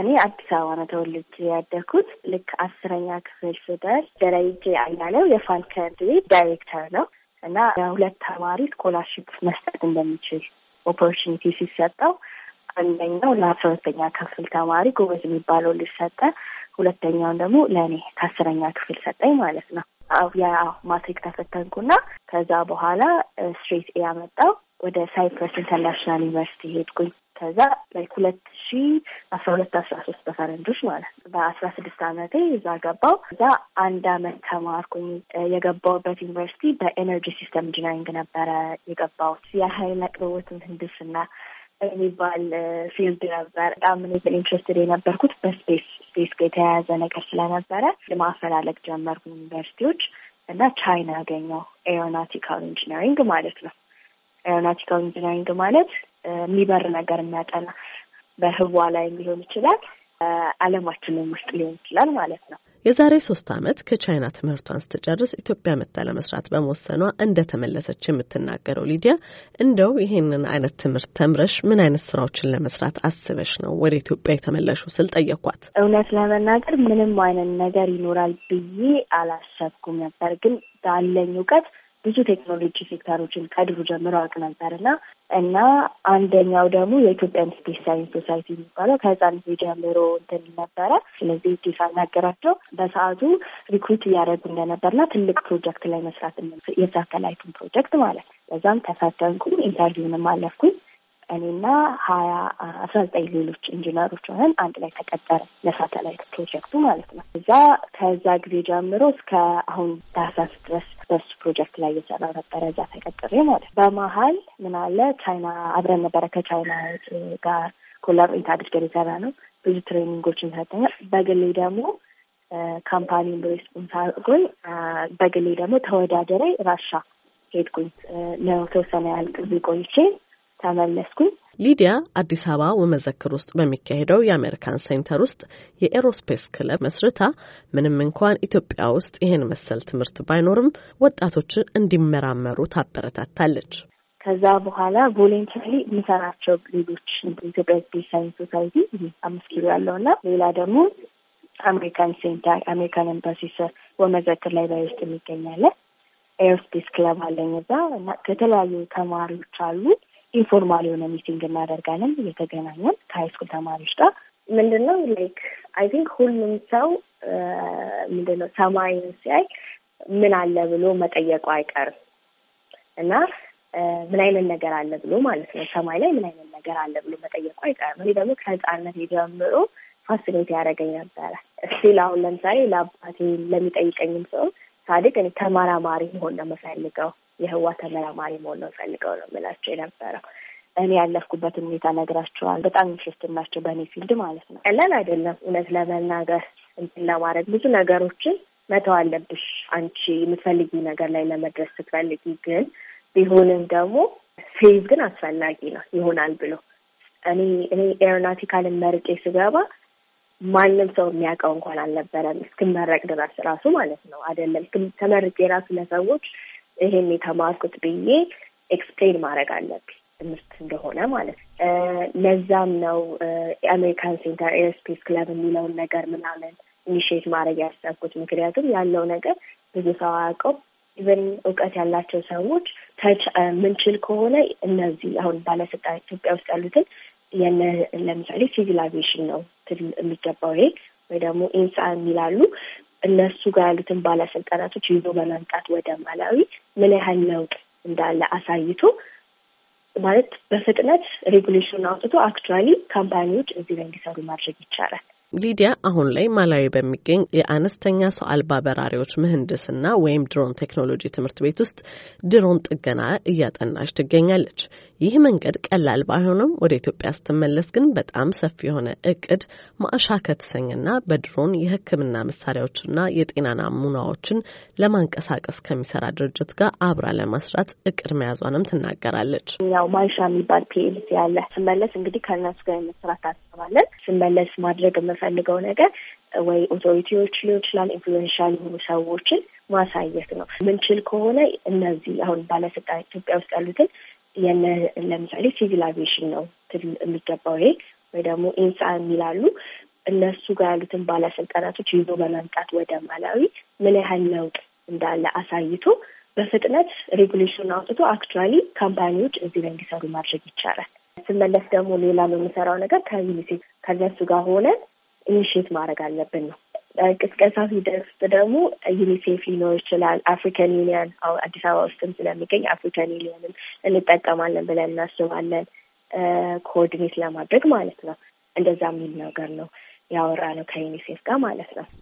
እኔ አዲስ አበባ ነው ተወልጄ ያደግኩት። ልክ አስረኛ ክፍል ስደርስ ደረጀ አያለው የፋልከን ቤት ዳይሬክተር ነው እና ለሁለት ተማሪ ስኮላርሽፕ መስጠት እንደሚችል ኦፖርቹኒቲ ሲሰጠው አንደኛው ለአስራ ሁለተኛ ክፍል ተማሪ ጎበዝ የሚባለው ሊሰጠ፣ ሁለተኛውን ደግሞ ለእኔ ከአስረኛ ክፍል ሰጠኝ ማለት ነው። ያ ማትሪክ ተፈተንኩና ከዛ በኋላ ስትሬት ኤ ያመጣው ወደ ሳይፕረስ ኢንተርናሽናል ዩኒቨርሲቲ ሄድኩኝ። ከዛ ላይ ሁለት ሺ አስራ ሁለት አስራ ሶስት በፈረንጆች ማለት ነው። በአስራ ስድስት አመቴ እዛ ገባው። እዛ አንድ አመት ተማርኩኝ። የገባውበት ዩኒቨርሲቲ በኤነርጂ ሲስተም ኢንጂነሪንግ ነበረ የገባሁት የሀይል አቅርቦትም ህንድስና የሚባል ፊልድ ነበር። በጣም እኔ ኢንትረስትድ የነበርኩት በስፔስ ስፔስ ጋር የተያያዘ ነገር ስለነበረ ማፈላለግ ጀመርኩ ዩኒቨርሲቲዎች እና ቻይና ያገኘው ኤሮናቲካል ኢንጂነሪንግ ማለት ነው። ኤሮናቲካል ኢንጂነሪንግ ማለት የሚበር ነገር የሚያጠና በህዋ ላይ ሊሆን ይችላል፣ አለማችንም ውስጥ ሊሆን ይችላል ማለት ነው። የዛሬ ሶስት ዓመት ከቻይና ትምህርቷን ስትጨርስ ኢትዮጵያ መታ ለመስራት በመወሰኗ እንደተመለሰች የምትናገረው ሊዲያ እንደው ይህንን አይነት ትምህርት ተምረሽ ምን አይነት ስራዎችን ለመስራት አስበሽ ነው ወደ ኢትዮጵያ የተመለሹ ስል ጠየኳት። እውነት ለመናገር ምንም አይነት ነገር ይኖራል ብዬ አላሰብኩም ነበር፣ ግን ባለኝ እውቀት ብዙ ቴክኖሎጂ ሴክተሮችን ከድሩ ጀምሮ አውቅ ነበር እና እና አንደኛው ደግሞ የኢትዮጵያን ስፔስ ሳይንስ ሶሳይቲ የሚባለው ከህፃንነት ጀምሮ እንትን ነበረ። ስለዚህ እጅ ሳናገራቸው በሰዓቱ ሪክሩት እያደረጉ እንደነበርና ትልቅ ፕሮጀክት ላይ መስራት የሳተላይቱን ፕሮጀክት ማለት ነው። በዛም ተፈተንኩ፣ ኢንተርቪውንም አለፍኩኝ። እኔና ሀያ አስራ ዘጠኝ ሌሎች ኢንጂነሮች ሆነን አንድ ላይ ተቀጠረ ለሳተላይት ፕሮጀክቱ ማለት ነው። እዛ ከዛ ጊዜ ጀምሮ እስከ አሁን ታህሳስ ድረስ በሱ ፕሮጀክት ላይ እየሰራ ነበረ እዛ ተቀጥሬ ማለት ነው። በመሀል ምን አለ ቻይና አብረን ነበረ ከቻይና ጋር ኮላብሬት አድርገን የሰራ ነው። ብዙ ትሬኒንጎችን ሰጠኛል። በግሌ ደግሞ ካምፓኒውን ሬስፖንስ አድርጎኝ በግሌ ደግሞ ተወዳደሬ ራሻ ሄድኩኝ ለተወሰነ ያህል ጊዜ ቆይቼ ተመለስኩኝ። ሊዲያ አዲስ አበባ ወመዘክር ውስጥ በሚካሄደው የአሜሪካን ሴንተር ውስጥ የኤሮስፔስ ክለብ መስርታ ምንም እንኳን ኢትዮጵያ ውስጥ ይህን መሰል ትምህርት ባይኖርም ወጣቶች እንዲመራመሩ ታበረታታለች። ከዛ በኋላ ቮሌንተሪ የምሰራቸው ሌሎች ኢትዮጵያ ስፔስ ሳይንስ ሶሳይቲ አምስት ኪሎ ያለው እና ሌላ ደግሞ አሜሪካን ሴንተር አሜሪካን ኤምባሲ ወመዘክር ላይ ባይ ውስጥ የሚገኛለን ኤሮስፔስ ክለብ አለኝ እዛ እና ከተለያዩ ተማሪዎች አሉት ኢንፎርማል የሆነ ሚቲንግ እናደርጋለን። እየተገናኘን ከሃይስኩል ተማሪዎች ጋር ምንድን ነው ላይክ አይ ቲንክ ሁሉም ሰው ምንድን ነው ሰማይን ሲያይ ምን አለ ብሎ መጠየቁ አይቀርም እና ምን አይነት ነገር አለ ብሎ ማለት ነው ሰማይ ላይ ምን አይነት ነገር አለ ብሎ መጠየቁ አይቀርም። እኔ ደግሞ ከህፃነት ጀምሮ ፋሲሌት ያደረገኝ ነበረ። እስቲል አሁን ለምሳሌ ለአባቴ ለሚጠይቀኝም ሰው ሳድግ እኔ ተመራማሪ መሆን ነው የምፈልገው የህዋ ተመራማሪ መሆን ነው ፈልገው ነው የምላቸው የነበረው። እኔ ያለፍኩበትን ሁኔታ ነግራቸዋል። በጣም ኢንትረስት ናቸው በእኔ ፊልድ ማለት ነው። ቀላል አይደለም እውነት ለመናገር እንትን ለማድረግ ብዙ ነገሮችን መተው አለብሽ አንቺ የምትፈልጊ ነገር ላይ ለመድረስ ስትፈልጊ። ግን ቢሆንም ደግሞ ፌዝ ግን አስፈላጊ ነው ይሆናል ብሎ እኔ እኔ ኤሮናቲካልን መርቄ ስገባ ማንም ሰው የሚያውቀው እንኳን አልነበረም እስክመረቅ ድረስ ራሱ ማለት ነው። አይደለም ተመርቄ ራሱ ለሰዎች ይሄን የተማርኩት ብዬ ኤክስፕሌን ማድረግ አለብኝ ትምህርት እንደሆነ ማለት ነው። ለዛም ነው የአሜሪካን ሴንተር ኤርስፔስ ክለብ የሚለውን ነገር ምናምን ኢኒሽት ማድረግ ያሰብኩት። ምክንያቱም ያለው ነገር ብዙ ሰው አያውቀው። ኢቨን እውቀት ያላቸው ሰዎች ተች ምንችል ከሆነ እነዚህ አሁን ባለስልጣን ኢትዮጵያ ውስጥ ያሉትን ለምሳሌ ሲቪላይዜሽን ነው የሚገባው ይሄ ወይ ደግሞ ኢንሳ የሚላሉ እነሱ ጋር ያሉትን ባለስልጣናቶች ይዞ በመምጣት ወደ ማላዊ ምን ያህል ለውጥ እንዳለ አሳይቶ ማለት በፍጥነት ሬጉሌሽን አውጥቶ አክቹዋሊ ካምፓኒዎች እዚህ ላይ እንዲሰሩ ማድረግ ይቻላል። ሊዲያ አሁን ላይ ማላዊ በሚገኝ የአነስተኛ ሰው አልባ በራሪዎች ምህንድስና ወይም ድሮን ቴክኖሎጂ ትምህርት ቤት ውስጥ ድሮን ጥገና እያጠናች ትገኛለች። ይህ መንገድ ቀላል ባይሆንም ወደ ኢትዮጵያ ስትመለስ ግን በጣም ሰፊ የሆነ እቅድ ማዕሻ ከተሰኝና በድሮን የሕክምና መሳሪያዎችና የጤና ናሙናዎችን ለማንቀሳቀስ ከሚሰራ ድርጅት ጋር አብራ ለማስራት እቅድ መያዟንም ትናገራለች። ያው ማዕሻ የሚባል ፒኤልሲ ያለ ስመለስ እንግዲህ ከእነሱ ጋር የመስራት አስባለን። ስመለስ ማድረግ የምንፈልገው ነገር ወይ ኦቶሪቲዎች ሊሆን ይችላል ኢንፍሉዌንሻል የሆኑ ሰዎችን ማሳየት ነው። ምንችል ከሆነ እነዚህ አሁን ባለስልጣን ኢትዮጵያ ውስጥ ያሉትን የነ ለምሳሌ ሲቪል አቪዬሽን ነው የሚገባው ይሄ ወይ ደግሞ ኢንሳ የሚላሉ እነሱ ጋር ያሉትን ባለስልጣናቶች ይዞ በመምጣት ወደ ማላዊ ምን ያህል ለውጥ እንዳለ አሳይቶ በፍጥነት ሬጉሌሽን አውጥቶ አክቹዋሊ ካምፓኒዎች እዚህ ላይ እንዲሰሩ ማድረግ ይቻላል። ስመለስ ደግሞ ሌላ ነው የምሰራው ነገር ከዩኒሴፍ ከነሱ ጋር ሆነ ኢኒሽት ማድረግ አለብን ነው። ቅስቀሳ ሲደርስ ደግሞ ዩኒሴፍ ሊኖር ይችላል። አፍሪካን ዩኒየን አዲስ አበባ ውስጥም ስለሚገኝ አፍሪካን ዩኒየንን እንጠቀማለን ብለን እናስባለን። ኮኦርዲኔት ለማድረግ ማለት ነው። እንደዛ የሚል ነገር ነው ያወራ ነው ከዩኒሴፍ ጋር ማለት ነው።